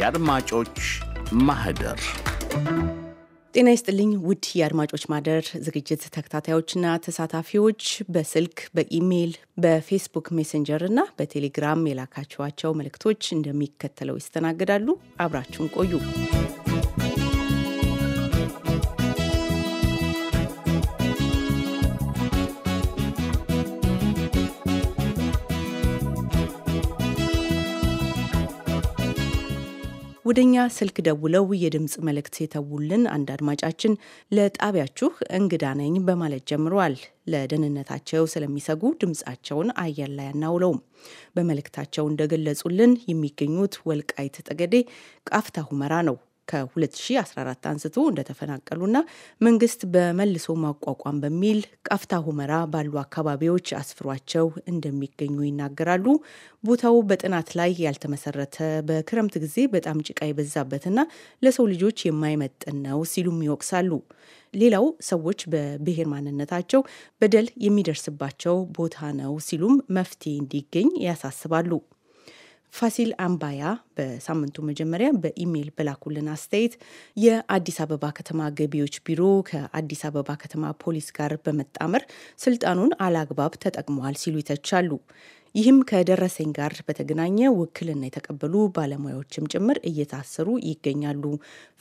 የአድማጮች ማህደር ጤና ይስጥልኝ ውድ የአድማጮች ማህደር ዝግጅት ተከታታዮችና ተሳታፊዎች በስልክ በኢሜይል በፌስቡክ ሜሴንጀር እና በቴሌግራም የላካችኋቸው መልእክቶች እንደሚከተለው ይስተናግዳሉ አብራችሁን ቆዩ ወደ እኛ ስልክ ደውለው የድምፅ መልእክት የተውልን አንድ አድማጫችን ለጣቢያችሁ እንግዳ ነኝ በማለት ጀምረዋል። ለደህንነታቸው ስለሚሰጉ ድምፃቸውን አየር ላይ አናውለውም። በመልእክታቸው እንደገለጹልን የሚገኙት ወልቃይት ጠገዴ ቃፍታ ሁመራ ነው። ከ2014 አንስቶ እንደተፈናቀሉና መንግስት በመልሶ ማቋቋም በሚል ቃፍታ ሁመራ ባሉ አካባቢዎች አስፍሯቸው እንደሚገኙ ይናገራሉ። ቦታው በጥናት ላይ ያልተመሰረተ በክረምት ጊዜ በጣም ጭቃ የበዛበትና ለሰው ልጆች የማይመጥን ነው ሲሉም ይወቅሳሉ። ሌላው ሰዎች በብሔር ማንነታቸው በደል የሚደርስባቸው ቦታ ነው ሲሉም መፍትሄ እንዲገኝ ያሳስባሉ። ፋሲል አምባያ በሳምንቱ መጀመሪያ በኢሜይል በላኩልን አስተያየት የአዲስ አበባ ከተማ ገቢዎች ቢሮ ከአዲስ አበባ ከተማ ፖሊስ ጋር በመጣመር ስልጣኑን አላግባብ ተጠቅመዋል ሲሉ ይተቻሉ። ይህም ከደረሰኝ ጋር በተገናኘ ውክልና የተቀበሉ ባለሙያዎችም ጭምር እየታሰሩ ይገኛሉ።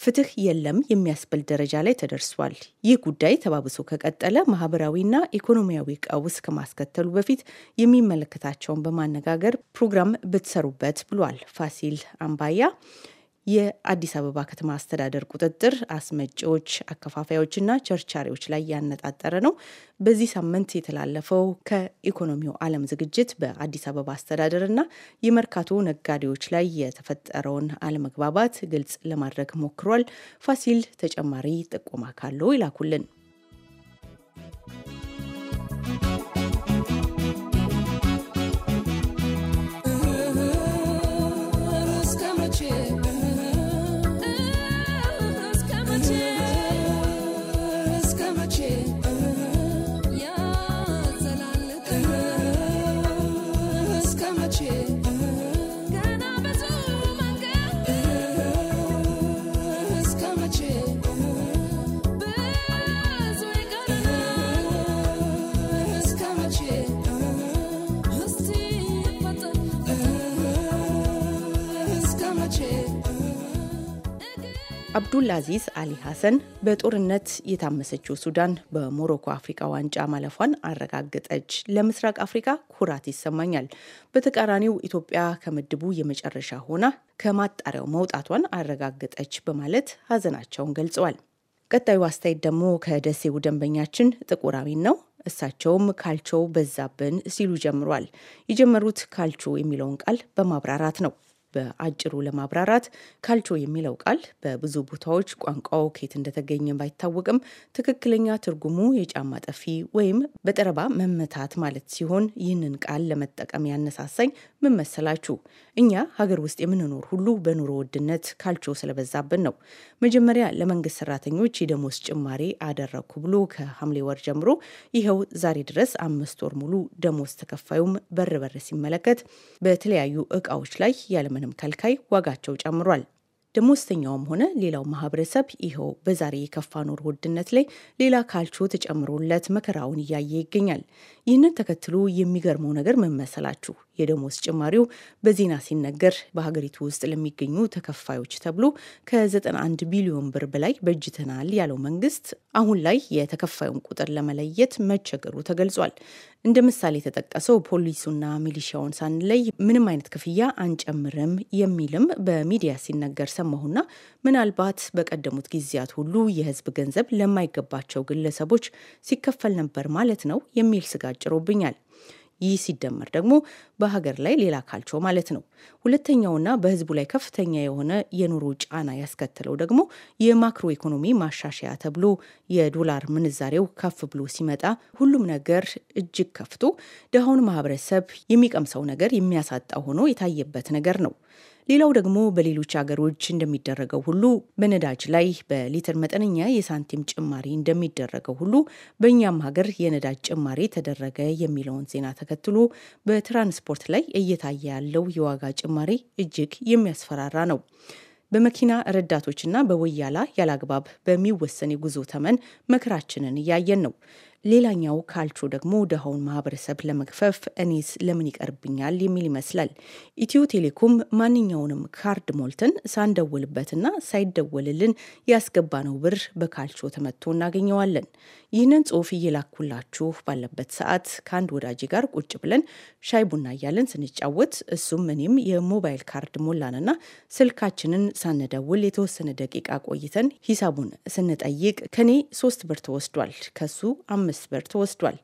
ፍትህ የለም የሚያስብል ደረጃ ላይ ተደርሷል። ይህ ጉዳይ ተባብሶ ከቀጠለ ማህበራዊና ኢኮኖሚያዊ ቀውስ ከማስከተሉ በፊት የሚመለከታቸውን በማነጋገር ፕሮግራም ብትሰሩበት ብሏል ፋሲል አምባያ። የአዲስ አበባ ከተማ አስተዳደር ቁጥጥር አስመጪዎች፣ አከፋፋዮችና ቸርቻሪዎች ላይ ያነጣጠረ ነው። በዚህ ሳምንት የተላለፈው ከኢኮኖሚው ዓለም ዝግጅት በአዲስ አበባ አስተዳደርና የመርካቶ ነጋዴዎች ላይ የተፈጠረውን አለመግባባት ግልጽ ለማድረግ ሞክሯል። ፋሲል ተጨማሪ ጥቆማ ካለው ይላኩልን። አብዱልአዚዝ አሊ ሐሰን በጦርነት የታመሰችው ሱዳን በሞሮኮ አፍሪካ ዋንጫ ማለፏን አረጋገጠች። ለምስራቅ አፍሪካ ኩራት ይሰማኛል። በተቃራኒው ኢትዮጵያ ከምድቡ የመጨረሻ ሆና ከማጣሪያው መውጣቷን አረጋገጠች በማለት ሐዘናቸውን ገልጸዋል። ቀጣዩ አስተያየት ደግሞ ከደሴው ደንበኛችን ጥቁራዊን ነው። እሳቸውም ካልቾው በዛብን ሲሉ ጀምሯል። የጀመሩት ካልቾ የሚለውን ቃል በማብራራት ነው። በአጭሩ ለማብራራት ካልቾ የሚለው ቃል በብዙ ቦታዎች ቋንቋው ከየት እንደተገኘ ባይታወቅም ትክክለኛ ትርጉሙ የጫማ ጠፊ ወይም በጠረባ መመታት ማለት ሲሆን ይህንን ቃል ለመጠቀም ያነሳሳኝ ምን መሰላችሁ? እኛ ሀገር ውስጥ የምንኖር ሁሉ በኑሮ ውድነት ካልቾ ስለበዛብን ነው። መጀመሪያ ለመንግስት ሰራተኞች የደሞዝ ጭማሪ አደረግኩ ብሎ ከሐምሌ ወር ጀምሮ ይኸው ዛሬ ድረስ አምስት ወር ሙሉ ደሞዝ ተከፋዩም በር በር ሲመለከት በተለያዩ እቃዎች ላይ ያለምንም ከልካይ ዋጋቸው ጨምሯል። ደሞዝተኛውም ሆነ ሌላው ማህበረሰብ ይኸው በዛሬ የከፋ ኑሮ ውድነት ላይ ሌላ ካልቾ ተጨምሮለት መከራውን እያየ ይገኛል። ይህንን ተከትሎ የሚገርመው ነገር ምን መሰላችሁ? የደሞዝ ጭማሪው በዜና ሲነገር በሀገሪቱ ውስጥ ለሚገኙ ተከፋዮች ተብሎ ከ91 ቢሊዮን ብር በላይ በጅተናል ያለው መንግስት አሁን ላይ የተከፋዩን ቁጥር ለመለየት መቸገሩ ተገልጿል። እንደ ምሳሌ የተጠቀሰው ፖሊሱና ሚሊሻውን ሳንለይ ምንም አይነት ክፍያ አንጨምርም የሚልም በሚዲያ ሲነገር ሰማሁና ምናልባት በቀደሙት ጊዜያት ሁሉ የህዝብ ገንዘብ ለማይገባቸው ግለሰቦች ሲከፈል ነበር ማለት ነው የሚል ስጋት ጭሮብኛል። ይህ ሲደመር ደግሞ በሀገር ላይ ሌላ ካልቸው ማለት ነው። ሁለተኛውና በህዝቡ ላይ ከፍተኛ የሆነ የኑሮ ጫና ያስከተለው ደግሞ የማክሮ ኢኮኖሚ ማሻሻያ ተብሎ የዶላር ምንዛሬው ከፍ ብሎ ሲመጣ ሁሉም ነገር እጅግ ከፍቶ ድሃውን ማህበረሰብ የሚቀምሰው ነገር የሚያሳጣ ሆኖ የታየበት ነገር ነው። ሌላው ደግሞ በሌሎች አገሮች እንደሚደረገው ሁሉ በነዳጅ ላይ በሊትር መጠነኛ የሳንቲም ጭማሪ እንደሚደረገው ሁሉ በእኛም ሀገር የነዳጅ ጭማሪ ተደረገ የሚለውን ዜና ተከትሎ በትራንስፖርት ላይ እየታየ ያለው የዋጋ ጭማሪ እጅግ የሚያስፈራራ ነው። በመኪና ረዳቶችና በወያላ ያላግባብ በሚወሰን የጉዞ ተመን መከራችንን እያየን ነው። ሌላኛው ካልቾ ደግሞ ደሃውን ማህበረሰብ ለመግፈፍ እኔስ ለምን ይቀርብኛል የሚል ይመስላል። ኢትዮ ቴሌኮም ማንኛውንም ካርድ ሞልተን ሳንደውልበትና ሳይደወልልን ያስገባነው ብር በካልቾ ተመቶ እናገኘዋለን። ይህንን ጽሁፍ እየላኩላችሁ ባለበት ሰዓት ከአንድ ወዳጅ ጋር ቁጭ ብለን ሻይ ቡና እያለን ስንጫወት እሱም እኔም የሞባይል ካርድ ሞላንና ስልካችንን ሳንደውል የተወሰነ ደቂቃ ቆይተን ሂሳቡን ስንጠይቅ ከኔ ሶስት ብር ተወስዷል ከሱ አምስት መስበር ተወስዷል።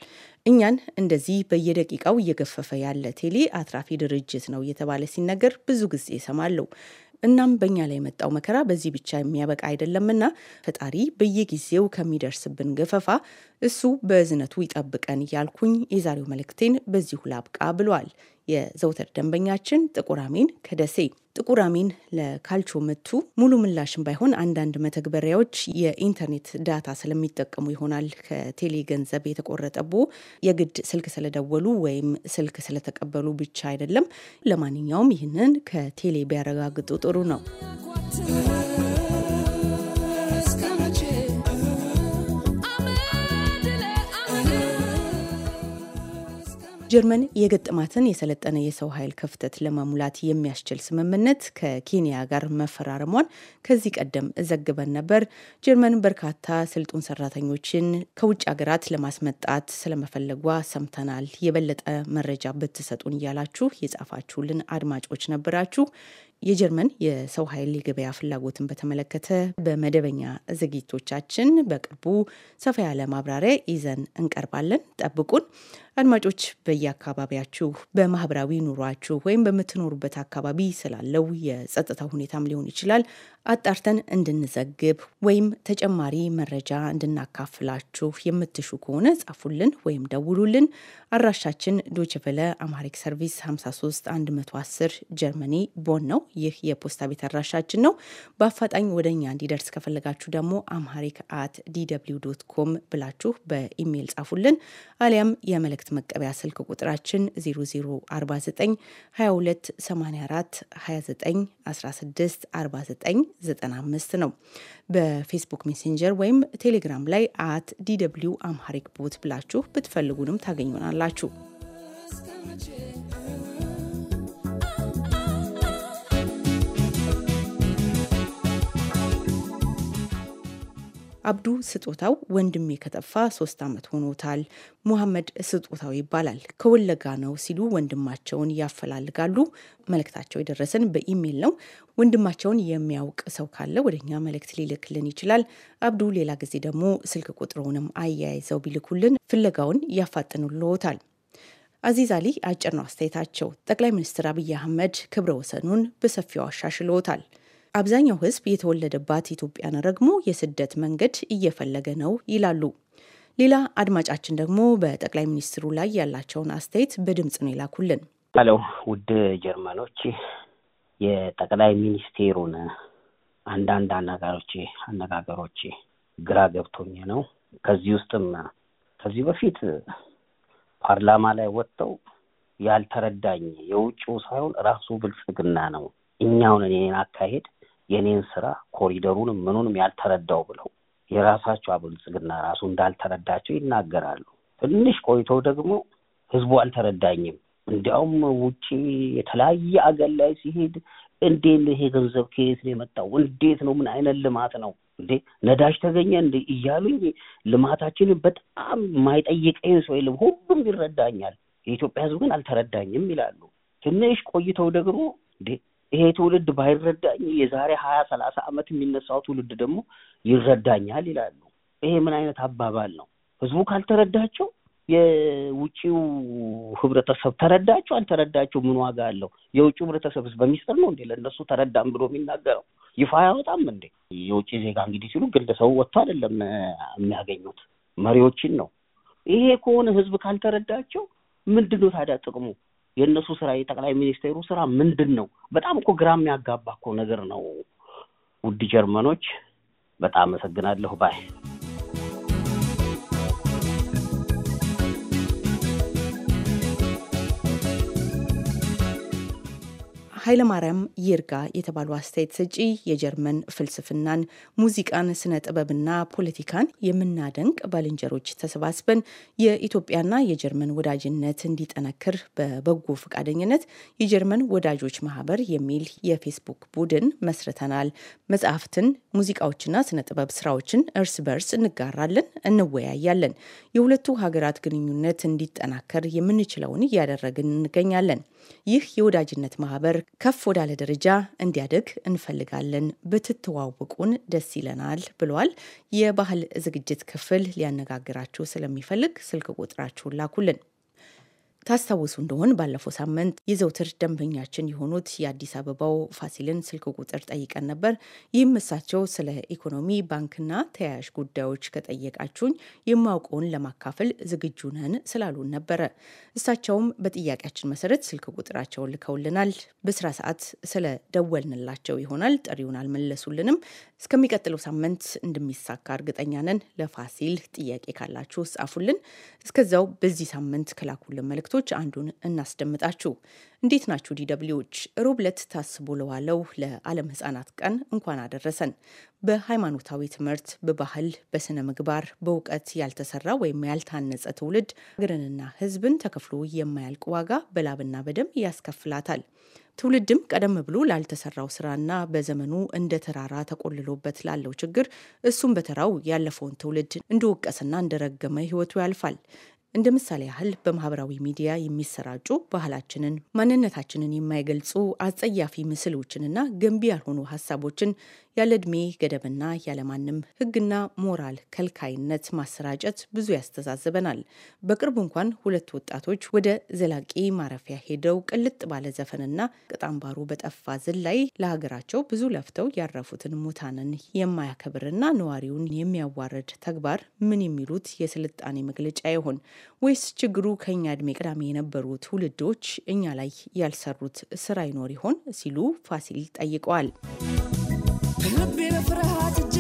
እኛን እንደዚህ በየደቂቃው እየገፈፈ ያለ ቴሌ አትራፊ ድርጅት ነው እየተባለ ሲነገር ብዙ ጊዜ ይሰማለሁ። እናም በእኛ ላይ የመጣው መከራ በዚህ ብቻ የሚያበቃ አይደለምና ፈጣሪ በየጊዜው ከሚደርስብን ገፈፋ እሱ በእዝነቱ ይጠብቀን እያልኩኝ የዛሬው መልእክቴን በዚሁ ላብቃ ብሏል። የዘውተር ደንበኛችን ጥቁር አሚን ከደሴ። ጥቁር አሚን ለካልቾ ምቱ ሙሉ ምላሽም ባይሆን አንዳንድ መተግበሪያዎች የኢንተርኔት ዳታ ስለሚጠቀሙ ይሆናል ከቴሌ ገንዘብ የተቆረጠቦ የግድ ስልክ ስለደወሉ ወይም ስልክ ስለተቀበሉ ብቻ አይደለም። ለማንኛውም ይህንን ከቴሌ ቢያረጋግጡ ጥሩ ነው። ጀርመን የገጠማትን የሰለጠነ የሰው ኃይል ክፍተት ለመሙላት የሚያስችል ስምምነት ከኬንያ ጋር መፈራረሟን ከዚህ ቀደም ዘግበን ነበር። ጀርመን በርካታ ስልጡን ሰራተኞችን ከውጭ ሀገራት ለማስመጣት ስለመፈለጓ ሰምተናል። የበለጠ መረጃ ብትሰጡን እያላችሁ የጻፋችሁልን አድማጮች ነበራችሁ። የጀርመን የሰው ኃይል የገበያ ፍላጎትን በተመለከተ በመደበኛ ዝግጅቶቻችን በቅርቡ ሰፋ ያለ ማብራሪያ ይዘን እንቀርባለን። ጠብቁን አድማጮች። በየአካባቢያችሁ በማህበራዊ ኑሯችሁ ወይም በምትኖሩበት አካባቢ ስላለው የጸጥታ ሁኔታም ሊሆን ይችላል አጣርተን እንድንዘግብ ወይም ተጨማሪ መረጃ እንድናካፍላችሁ የምትሹ ከሆነ ጻፉልን ወይም ደውሉልን። አድራሻችን ዶችቨለ አማሪክ ሰርቪስ 53 110 ጀርመኒ ቦን ነው። ይህ የፖስታ ቤት አድራሻችን ነው። በአፋጣኝ ወደ እኛ እንዲደርስ ከፈለጋችሁ ደግሞ አምሃሪክ አት ዲደብሊው ዶት ኮም ብላችሁ በኢሜይል ጻፉልን። አሊያም የመልእክት መቀበያ ስልክ ቁጥራችን 0049 22 84 29 16 49 95 ነው። በፌስቡክ ሜሴንጀር ወይም ቴሌግራም ላይ አት ዲደብሊው አምሃሪክ ቦት ብላችሁ ብትፈልጉንም ታገኙናላችሁ። Thank you. አብዱ ስጦታው ወንድሜ ከጠፋ ሶስት ዓመት ሆኖታል። ሙሐመድ ስጦታው ይባላል። ከወለጋ ነው ሲሉ ወንድማቸውን ያፈላልጋሉ። መልእክታቸው የደረሰን በኢሜይል ነው። ወንድማቸውን የሚያውቅ ሰው ካለ ወደኛ መልእክት ሊልክልን ይችላል። አብዱ ሌላ ጊዜ ደግሞ ስልክ ቁጥሩንም አያይዘው ቢልኩልን ፍለጋውን ያፋጥኑልዎታል። አዚዝ አሊ አጭር ነው አስተያየታቸው። ጠቅላይ ሚኒስትር አብይ አህመድ ክብረ ወሰኑን በሰፊው አሻሽለዎታል። አብዛኛው ሕዝብ የተወለደባት ኢትዮጵያን ረግሞ የስደት መንገድ እየፈለገ ነው ይላሉ። ሌላ አድማጫችን ደግሞ በጠቅላይ ሚኒስትሩ ላይ ያላቸውን አስተያየት በድምፅ ነው ይላኩልን። አለው ውድ ጀርመኖች የጠቅላይ ሚኒስቴሩን አንዳንድ አነጋሮች አነጋገሮች ግራ ገብቶኝ ነው። ከዚህ ውስጥም ከዚህ በፊት ፓርላማ ላይ ወጥተው ያልተረዳኝ የውጭው ሳይሆን ራሱ ብልጽግና ነው እኛውን እኔን አካሄድ የኔን ስራ ኮሪደሩንም ምኑንም ያልተረዳው ብለው የራሳቸው ብልጽግና ራሱ እንዳልተረዳቸው ይናገራሉ። ትንሽ ቆይቶ ደግሞ ህዝቡ አልተረዳኝም፣ እንዲያውም ውጭ የተለያየ አገር ላይ ሲሄድ እንዴ ይሄ ገንዘብ ከየት ነው የመጣው? እንዴት ነው? ምን አይነት ልማት ነው እንዴ? ነዳጅ ተገኘ እንዴ? እያሉ ልማታችንን በጣም የማይጠይቀኝ ሰው የለም፣ ሁሉም ይረዳኛል፣ የኢትዮጵያ ህዝብ ግን አልተረዳኝም ይላሉ። ትንሽ ቆይተው ደግሞ እንዴ ይሄ ትውልድ ባይረዳኝ የዛሬ ሀያ ሰላሳ ዓመት የሚነሳው ትውልድ ደግሞ ይረዳኛል ይላሉ። ይሄ ምን አይነት አባባል ነው? ህዝቡ ካልተረዳቸው የውጭው ህብረተሰብ ተረዳቸው አልተረዳቸው ምን ዋጋ አለው? የውጭ ህብረተሰብ በሚስጥር ነው እንዴ ለእነሱ ተረዳም ብሎ የሚናገረው? ይፋ አያወጣም እንዴ? የውጭ ዜጋ እንግዲህ ሲሉ ግለሰቡ ወጥቶ አይደለም የሚያገኙት መሪዎችን ነው። ይሄ ከሆነ ህዝብ ካልተረዳቸው ምንድን ነው ታዲያ ጥቅሙ? የእነሱ ስራ የጠቅላይ ሚኒስቴሩ ስራ ምንድን ነው? በጣም እኮ ግራ የሚያጋባ እኮ ነገር ነው። ውድ ጀርመኖች በጣም አመሰግናለሁ ባይ ኃይለማርያም ይርጋ የተባሉ አስተያየት ሰጪ የጀርመን ፍልስፍናን፣ ሙዚቃን፣ ስነ ጥበብና ፖለቲካን የምናደንቅ ባልንጀሮች ተሰባስበን የኢትዮጵያና የጀርመን ወዳጅነት እንዲጠነክር በበጎ ፈቃደኝነት የጀርመን ወዳጆች ማህበር የሚል የፌስቡክ ቡድን መስርተናል። መጽሐፍትን፣ ሙዚቃዎችና ስነ ጥበብ ስራዎችን እርስ በርስ እንጋራለን፣ እንወያያለን። የሁለቱ ሀገራት ግንኙነት እንዲጠናከር የምንችለውን እያደረግን እንገኛለን። ይህ የወዳጅነት ማህበር ከፍ ወዳለ ደረጃ እንዲያደግ እንፈልጋለን። ብትተዋወቁን ደስ ይለናል ብሏል። የባህል ዝግጅት ክፍል ሊያነጋግራችሁ ስለሚፈልግ ስልክ ቁጥራችሁን ላኩልን። ታስታውሱ እንደሆን ባለፈው ሳምንት የዘውትር ደንበኛችን የሆኑት የአዲስ አበባው ፋሲልን ስልክ ቁጥር ጠይቀን ነበር። ይህም እሳቸው ስለ ኢኮኖሚ፣ ባንክና ተያያዥ ጉዳዮች ከጠየቃችሁኝ የማውቀውን ለማካፈል ዝግጁ ነን ስላሉን ነበረ። እሳቸውም በጥያቄያችን መሰረት ስልክ ቁጥራቸውን ልከውልናል። በስራ ሰዓት ስለ ደወልንላቸው ይሆናል ጥሪውን አልመለሱልንም። እስከሚቀጥለው ሳምንት እንደሚሳካ እርግጠኛ ነን። ለፋሲል ጥያቄ ካላችሁ ጻፉልን። እስከዚያው በዚህ ሳምንት ከላኩልን መልእክቶች አንዱን እናስደምጣችሁ። እንዴት ናችሁ ዲደብሊዎች? ሮብ ዕለት ታስቦ ለዋለው ለዓለም ህጻናት ቀን እንኳን አደረሰን። በሃይማኖታዊ ትምህርት፣ በባህል፣ በስነ ምግባር፣ በእውቀት ያልተሰራ ወይም ያልታነጸ ትውልድ ሀገርንና ህዝብን ተከፍሎ የማያልቅ ዋጋ በላብና በደም ያስከፍላታል። ትውልድም ቀደም ብሎ ላልተሰራው ስራና በዘመኑ እንደ ተራራ ተቆልሎበት ላለው ችግር እሱም በተራው ያለፈውን ትውልድ እንደወቀሰና እንደረገመ ህይወቱ ያልፋል። እንደ ምሳሌ ያህል በማህበራዊ ሚዲያ የሚሰራጩ ባህላችንን፣ ማንነታችንን የማይገልጹ አጸያፊ ምስሎችንና ገንቢ ያልሆኑ ሀሳቦችን ያለ እድሜ ገደብና ያለማንም ሕግና ሞራል ከልካይነት ማሰራጨት ብዙ ያስተዛዝበናል። በቅርቡ እንኳን ሁለት ወጣቶች ወደ ዘላቂ ማረፊያ ሄደው ቅልጥ ባለ ዘፈንና ቅጣምባሩ በጠፋ ዝላይ ለሀገራቸው ብዙ ለፍተው ያረፉትን ሙታንን የማያከብርና ነዋሪውን የሚያዋርድ ተግባር ምን የሚሉት የስልጣኔ መግለጫ ይሆን? ወይስ ችግሩ ከእኛ እድሜ ቀዳሚ የነበሩ ትውልዶች እኛ ላይ ያልሰሩት ስራ ይኖር ይሆን ሲሉ ፋሲል ጠይቀዋል። Na beira pra rádio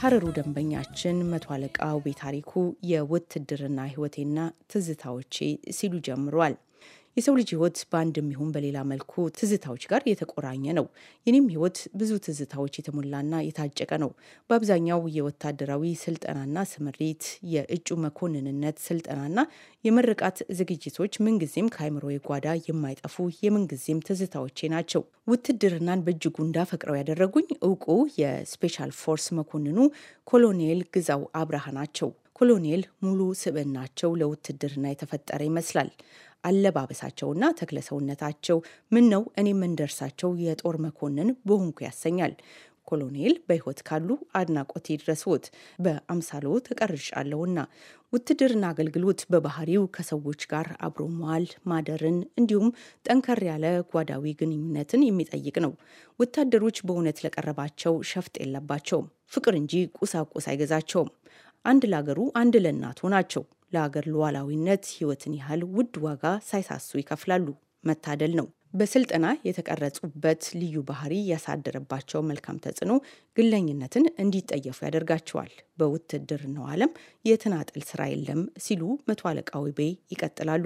የሐረሩ ደንበኛችን መቶ አለቃ ውቤ ታሪኩ የውትድርና ህይወቴና ትዝታዎቼ ሲሉ ጀምሯል። የሰው ልጅ ህይወት በአንድም ይሁን በሌላ መልኩ ትዝታዎች ጋር የተቆራኘ ነው። የኔም ህይወት ብዙ ትዝታዎች የተሞላና የታጨቀ ነው። በአብዛኛው የወታደራዊ ስልጠናና ስምሪት፣ የእጩ መኮንንነት ስልጠናና የምርቃት ዝግጅቶች ምንጊዜም ከአይምሮ የጓዳ የማይጠፉ የምንጊዜም ትዝታዎቼ ናቸው። ውትድርናን በእጅጉ እንዳፈቅረው ያደረጉኝ እውቁ የስፔሻል ፎርስ መኮንኑ ኮሎኔል ግዛው አብርሃ ናቸው። ኮሎኔል ሙሉ ስብዕናቸው ለውትድርና የተፈጠረ ይመስላል። አለባበሳቸውና ተክለሰውነታቸው ምን ነው እኔ የምንደርሳቸው የጦር መኮንን በሆንኩ ያሰኛል። ኮሎኔል በህይወት ካሉ አድናቆት ይድረስዎት። በአምሳሎ ተቀርጫለሁና ውትድርና አገልግሎት በባህሪው ከሰዎች ጋር አብሮ መዋል ማደርን፣ እንዲሁም ጠንከር ያለ ጓዳዊ ግንኙነትን የሚጠይቅ ነው። ወታደሮች በእውነት ለቀረባቸው ሸፍጥ የለባቸውም። ፍቅር እንጂ ቁሳቁስ አይገዛቸውም። አንድ ላገሩ አንድ ለእናቱ ናቸው። ለአገር ሉዓላዊነት ህይወትን ያህል ውድ ዋጋ ሳይሳሱ ይከፍላሉ። መታደል ነው። በስልጠና የተቀረጹበት ልዩ ባህሪ ያሳደረባቸው መልካም ተጽዕኖ ግለኝነትን እንዲጠየፉ ያደርጋቸዋል። በውትድርናው ዓለም የተናጠል ስራ የለም ሲሉ መቶ አለቃ ውቤ ይቀጥላሉ።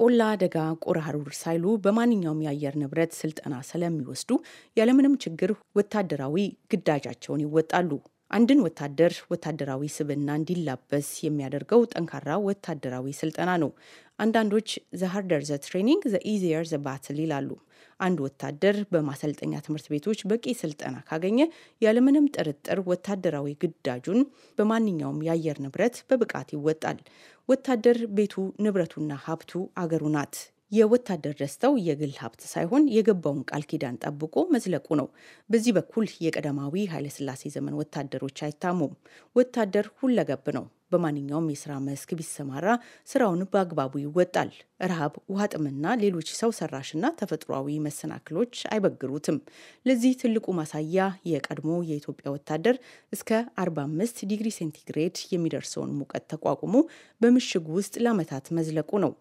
ቆላ አደጋ ቁር ሳይሉ በማንኛውም የአየር ንብረት ስልጠና ስለሚወስዱ ያለምንም ችግር ወታደራዊ ግዳጃቸውን ይወጣሉ። አንድን ወታደር ወታደራዊ ስብና እንዲላበስ የሚያደርገው ጠንካራ ወታደራዊ ስልጠና ነው። አንዳንዶች ዘ ሃርደር ዘ ትሬኒንግ ዘ ኢዚየር ዘ ባትል ይላሉ። አንድ ወታደር በማሰልጠኛ ትምህርት ቤቶች በቂ ስልጠና ካገኘ ያለምንም ጥርጥር ወታደራዊ ግዳጁን በማንኛውም የአየር ንብረት በብቃት ይወጣል። ወታደር ቤቱ፣ ንብረቱና ሀብቱ አገሩ ናት። የወታደር ደስተው የግል ሀብት ሳይሆን የገባውን ቃል ኪዳን ጠብቆ መዝለቁ ነው። በዚህ በኩል የቀደማዊ ኃይለስላሴ ዘመን ወታደሮች አይታሙም። ወታደር ሁለገብ ነው። በማንኛውም የስራ መስክ ቢሰማራ ስራውን በአግባቡ ይወጣል። ረሃብ፣ ውሃ ጥምና ሌሎች ሰው ሰራሽና ተፈጥሯዊ መሰናክሎች አይበግሩትም። ለዚህ ትልቁ ማሳያ የቀድሞ የኢትዮጵያ ወታደር እስከ 45 ዲግሪ ሴንቲግሬድ የሚደርሰውን ሙቀት ተቋቁሞ በምሽጉ ውስጥ ለዓመታት መዝለቁ ነው።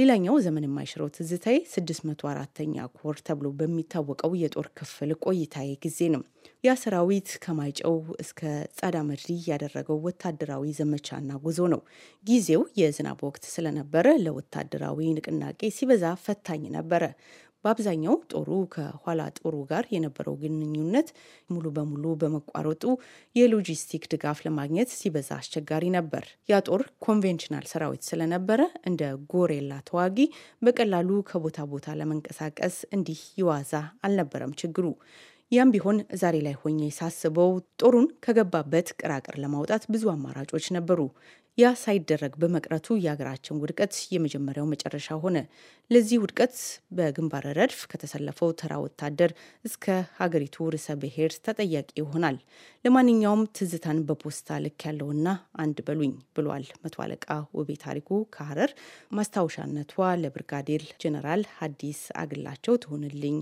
ሌላኛው ዘመን የማይሽረው ትዝታዬ 64 ኛ ኮር ተብሎ በሚታወቀው የጦር ክፍል ቆይታዬ ጊዜ ነው። ያ ሰራዊት ከማይጨው እስከ ጻዳ መድሪ ያደረገው ወታደራዊ ዘመቻና ጉዞ ነው። ጊዜው የዝናብ ወቅት ስለነበረ ለወታደራዊ ንቅናቄ ሲበዛ ፈታኝ ነበረ። በአብዛኛው ጦሩ ከኋላ ጦሩ ጋር የነበረው ግንኙነት ሙሉ በሙሉ በመቋረጡ የሎጂስቲክ ድጋፍ ለማግኘት ሲበዛ አስቸጋሪ ነበር። ያ ጦር ኮንቬንሽናል ሰራዊት ስለነበረ እንደ ጎሬላ ተዋጊ በቀላሉ ከቦታ ቦታ ለመንቀሳቀስ እንዲህ ይዋዛ አልነበረም ችግሩ። ያም ቢሆን ዛሬ ላይ ሆኜ ሳስበው ጦሩን ከገባበት ቅራቅር ለማውጣት ብዙ አማራጮች ነበሩ። ያ ሳይደረግ በመቅረቱ የሀገራችን ውድቀት የመጀመሪያው መጨረሻ ሆነ። ለዚህ ውድቀት በግንባር ረድፍ ከተሰለፈው ተራ ወታደር እስከ ሀገሪቱ ርዕሰ ብሔር ተጠያቂ ይሆናል። ለማንኛውም ትዝታን በፖስታ ልክ ያለውና አንድ በሉኝ ብሏል መቶ አለቃ ውቤ ታሪኩ ከሀረር ማስታወሻነቷ ለብርጋዴር ጀነራል ሀዲስ አግላቸው ትሆንልኝ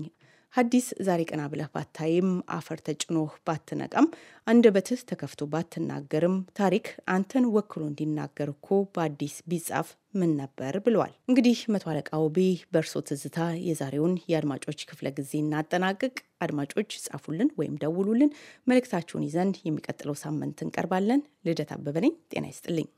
ሀዲስ ዛሬ ቀና ብለህ ባታይም፣ አፈር ተጭኖህ ባትነቀም፣ አንደበትህ ተከፍቶ ባትናገርም፣ ታሪክ አንተን ወክሎ እንዲናገር እኮ በአዲስ ቢጻፍ ምን ነበር ብለዋል። እንግዲህ መቶ አለቃ ውቢ በእርሶ ትዝታ የዛሬውን የአድማጮች ክፍለ ጊዜ እናጠናቅቅ። አድማጮች ጻፉልን ወይም ደውሉልን መልእክታችሁን ይዘን የሚቀጥለው ሳምንት እንቀርባለን። ልደት አበበ ነኝ። ጤና ይስጥልኝ።